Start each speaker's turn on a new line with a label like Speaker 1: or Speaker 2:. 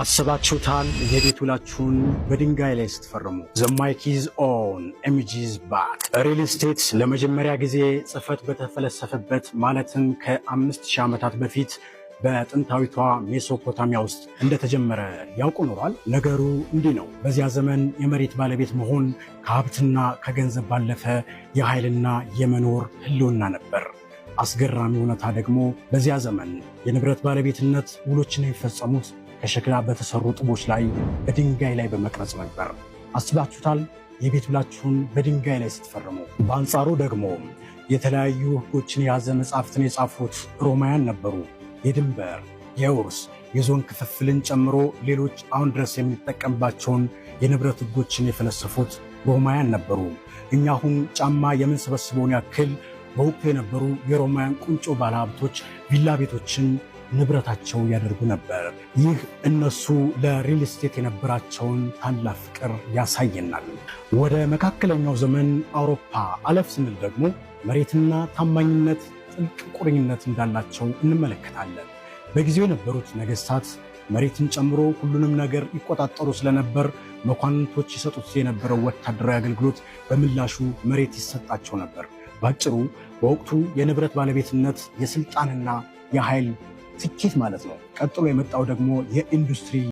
Speaker 1: አስባችሁታል? የቤት ውላችሁን በድንጋይ ላይ ስትፈርሙ። ዘማይኪዝ ኦን ኤምጂዝ ባክ ሪል ስቴት ለመጀመሪያ ጊዜ ጽፈት በተፈለሰፈበት ማለትም ከአምስት ሺህ ዓመታት በፊት በጥንታዊቷ ሜሶፖታሚያ ውስጥ እንደተጀመረ ያውቁ ኖሯል? ነገሩ እንዲህ ነው። በዚያ ዘመን የመሬት ባለቤት መሆን ከሀብትና ከገንዘብ ባለፈ የኃይልና የመኖር ህልውና ነበር። አስገራሚ እውነታ ደግሞ በዚያ ዘመን የንብረት ባለቤትነት ውሎችን የፈጸሙት ከሸክላ በተሰሩ ጡቦች ላይ በድንጋይ ላይ በመቅረጽ ነበር። አስባችሁታል? የቤት ብላችሁን በድንጋይ ላይ ስትፈርሙ። በአንጻሩ ደግሞ የተለያዩ ሕጎችን የያዘ መጽሐፍትን የጻፉት ሮማውያን ነበሩ። የድንበር የውርስ የዞን ክፍፍልን ጨምሮ ሌሎች አሁን ድረስ የምንጠቀምባቸውን የንብረት ሕጎችን የፈለሰፉት ሮማውያን ነበሩ። እኛ አሁን ጫማ የምንሰበስበውን ያክል በወቅቱ የነበሩ የሮማውያን ቁንጮ ባለሀብቶች ቪላ ቤቶችን ንብረታቸው ያደርጉ ነበር። ይህ እነሱ ለሪል ስቴት የነበራቸውን ታላቅ ፍቅር ያሳየናል። ወደ መካከለኛው ዘመን አውሮፓ አለፍ ስንል ደግሞ መሬትና ታማኝነት ጥልቅ ቁርኝነት እንዳላቸው እንመለከታለን። በጊዜው የነበሩት ነገስታት መሬትን ጨምሮ ሁሉንም ነገር ይቆጣጠሩ ስለነበር መኳንንቶች ይሰጡት የነበረው ወታደራዊ አገልግሎት በምላሹ መሬት ይሰጣቸው ነበር። ባጭሩ በወቅቱ የንብረት ባለቤትነት የስልጣንና የኃይል ስኬት ማለት ነው። ቀጥሎ የመጣው ደግሞ የኢንዱስትሪ